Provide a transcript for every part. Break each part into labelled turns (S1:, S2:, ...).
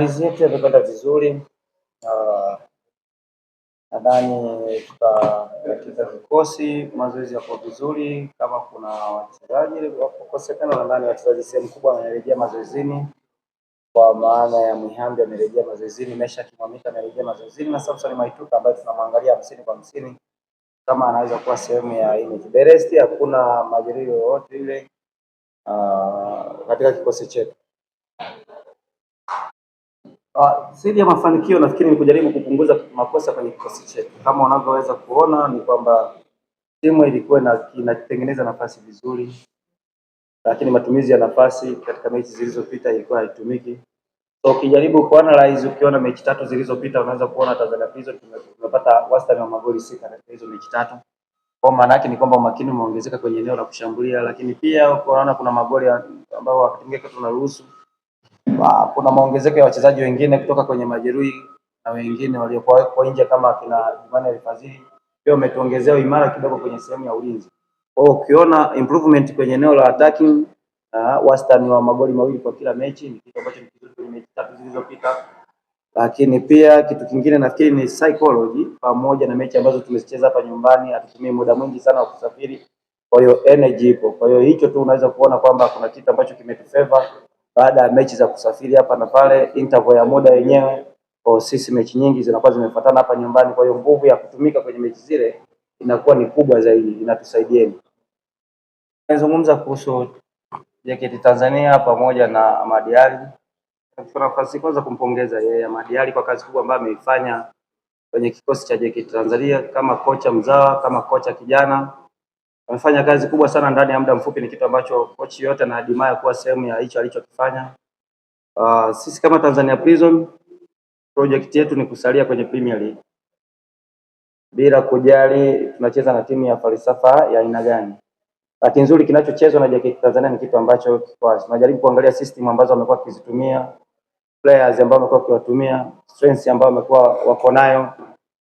S1: maandalizi yetu yamekwenda vizuri, nadhani tutawekeza vikosi, mazoezi yako vizuri. Kama kuna wachezaji wakosekana, nadhani wachezaji sehemu kubwa wamerejea mazoezini, kwa maana ya mihambi amerejea mazoezini, Mesha Kimwamika amerejea mazoezini na Samson Maituka ambaye tunamwangalia hamsini kwa hamsini kama anaweza kuwa sehemu ya hii Beresti. Hakuna majeruhi yoyote ile ah, katika kikosi chetu. Uh, ah, siri ya mafanikio nafikiri ni kujaribu kupunguza makosa kwenye kikosi chetu. Kama unavyoweza kuona ni kwamba timu ilikuwa na, inatengeneza nafasi vizuri, lakini matumizi ya nafasi katika mechi zilizopita ilikuwa haitumiki. So ukijaribu kuanalyze, ukiona mechi tatu zilizopita, unaweza kuona Tanzania Prisons tumepata wastani wa magoli sita katika hizo mechi tatu. Kwa maana yake ni kwamba umakini umeongezeka kwenye eneo la kushambulia, lakini pia unaona kuna magoli ambayo wakati mwingine tunaruhusu kwamba ah, kuna maongezeko ya wachezaji wengine kutoka kwenye majeruhi na wengine waliokuwa kwa nje kama kina Jumani Alfaziri pia umetuongezea imara kidogo kwenye sehemu ya ulinzi. Kwa hiyo ukiona improvement kwenye eneo la attacking uh, wastani wa magoli mawili kwa kila mechi ni kitu ambacho ni kizuri kwenye mechi tatu zilizopita. Lakini pia kitu kingine nafikiri ni psychology, pamoja na mechi ambazo tumezicheza hapa nyumbani, hatutumii muda mwingi sana wa kusafiri, kwa hiyo energy ipo. Kwa hiyo hicho tu unaweza kuona kwamba kuna kitu ambacho kimetufavor baada ya mechi za kusafiri hapa na pale, interval ya muda yenyewe kwa sisi mechi nyingi zinakuwa zimefuatana hapa nyumbani, kwa hiyo nguvu ya kutumika kwenye mechi zile inakuwa ni kubwa zaidi, inatusaidieni. Nazungumza kuhusu JKT Tanzania pamoja na Ahmad Ally. Kwa nafasi kwanza kumpongeza yeye Ahmad Ally kwa kazi kubwa ambayo ameifanya kwenye kikosi cha JKT Tanzania kama kocha mzawa, kama kocha kijana Amefanya kazi kubwa sana ndani ya muda mfupi, ni kitu ambacho kochi yote na hatimaye kuwa sehemu ya hicho alichokifanya. Uh, sisi kama Tanzania Prison project yetu ni kusalia kwenye Premier League bila kujali tunacheza na timu ya falsafa ya aina gani. lakini nzuri kinachochezwa na JKT Tanzania ni kitu ambacho kikwazo. Tunajaribu kuangalia system ambazo wamekuwa wakizitumia, players ambao wamekuwa wakiwatumia, strengths ambao wamekuwa wako nayo,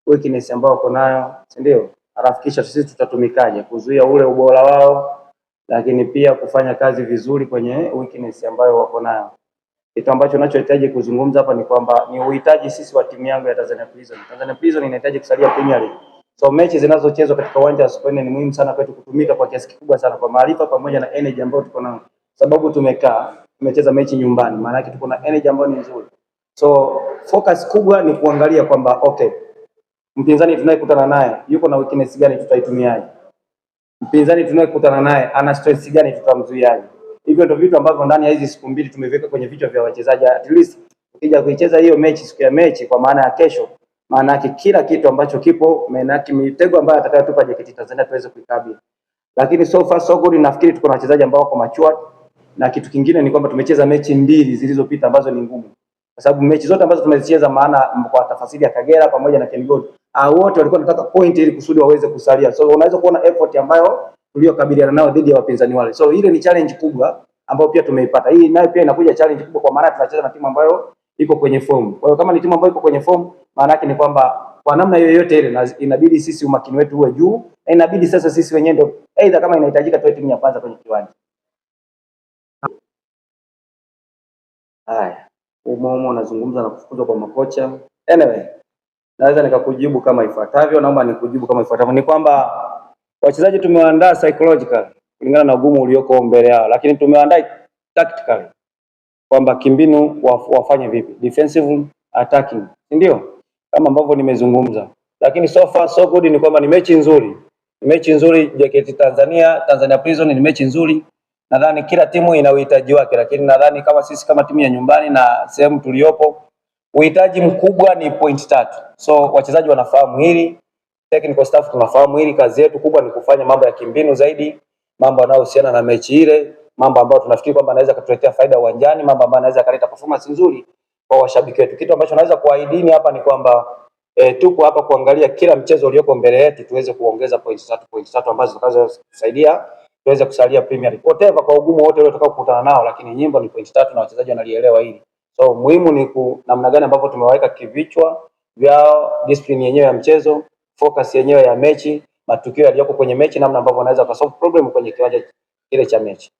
S1: weakness ambao wako nayo, si ndio? halafu kisha sisi tutatumikaje kuzuia ule ubora wao, lakini pia kufanya kazi vizuri kwenye weakness ambayo wako nayo. Kitu ambacho ninachohitaji kuzungumza hapa ni kwamba ni uhitaji sisi wa timu yangu ya Tanzania Prison. Tanzania Prison inahitaji kusalia Premier League. So mechi zinazochezwa katika uwanja wa Sokoine ni muhimu sana kwetu kutumika kwa kiasi kikubwa sana kwa maarifa pamoja na energy ambayo tuko nayo. Sababu tumekaa, tumecheza mechi nyumbani, maana yake tuko na energy ambayo ni nzuri. So focus kubwa ni kuangalia kwamba okay Mpinzani tunayekutana naye yuko na weakness gani, tutaitumiaje? Mpinzani tunayekutana naye ana stress gani, tutamzuiaje? Hivyo ndio vitu ambavyo ndani ya hizi siku mbili tumeviweka kwenye vichwa vya wachezaji, at least ukija kuicheza hiyo mechi siku ya mechi, kwa maana ya kesho, maana yake kila kitu ambacho kipo, maana yake mitego ambayo atakayotupa JKT Tanzania tuweze kuikabili. Lakini so far so good, nafikiri tuko na wachezaji ambao wako machua, na kitu kingine ni kwamba tumecheza mechi mbili zilizopita ambazo ni ngumu, kwa sababu mechi zote ambazo tumezicheza, maana kwa tafasiri ya Kagera pamoja na Kenigoti uh, wote walikuwa wanataka point ili kusudi waweze kusalia. So unaweza kuona effort ambayo tuliyokabiliana nayo dhidi ya wapinzani wale. So ile ni challenge kubwa ambayo pia tumeipata. Hii nayo pia inakuja challenge kubwa kwa maana tunacheza na timu ambayo iko kwenye form. Kwa hiyo kama ni timu ambayo iko kwenye form, maana yake ni kwamba kwa namna yoyote ile inabidi sisi umakini wetu uwe juu, na inabidi sasa sisi wenyewe ndio aidha, kama inahitajika tuwe timu ya kwanza kwenye kiwanja. Haya, umo umo unazungumza na kufukuzwa kwa makocha. Anyway, naweza nikakujibu kama ifuatavyo. Naomba nikujibu kama ifuatavyo, ni kwamba wachezaji tumewaandaa psychological kulingana na ugumu ulioko mbele yao, lakini tumewaandaa tactically kwamba kimbinu waf, wafanye vipi defensive attacking, si ndio? Kama ambavyo nimezungumza, lakini so far so good ni kwamba ni mechi nzuri, ni mechi nzuri JKT Tanzania, Tanzania Prison ni mechi nzuri. Nadhani kila timu ina uhitaji wake, lakini nadhani kama sisi kama timu ya nyumbani na sehemu tuliyopo Uhitaji mkubwa ni point tatu. So wachezaji wanafahamu hili, technical staff tunafahamu hili. Kazi yetu kubwa ni kufanya mambo ya kimbinu zaidi, mambo yanayohusiana na mechi ile, mambo ambayo tunafikiri kwamba anaweza kutuletea faida uwanjani, mambo ambayo anaweza kaleta performance nzuri kwa washabiki wetu. Kitu ambacho naweza kuahidini hapa ni kwamba e, tupo hapa kuangalia kila mchezo ulioko mbele yetu tuweze kuongeza point tatu, point tatu ambazo zitakazosaidia tuweze kusalia Premier League. Whatever kwa ugumu wote ule utakao kukutana nao, lakini nyimbo ni point tatu na wachezaji wanalielewa hili. So muhimu ni namna gani ambavyo tumewaweka kivichwa vyao, discipline yenyewe ya mchezo, focus yenyewe ya mechi, matukio yaliyoko kwenye mechi, namna ambavyo wanaweza kusolve problem kwenye kiwanja kile cha mechi.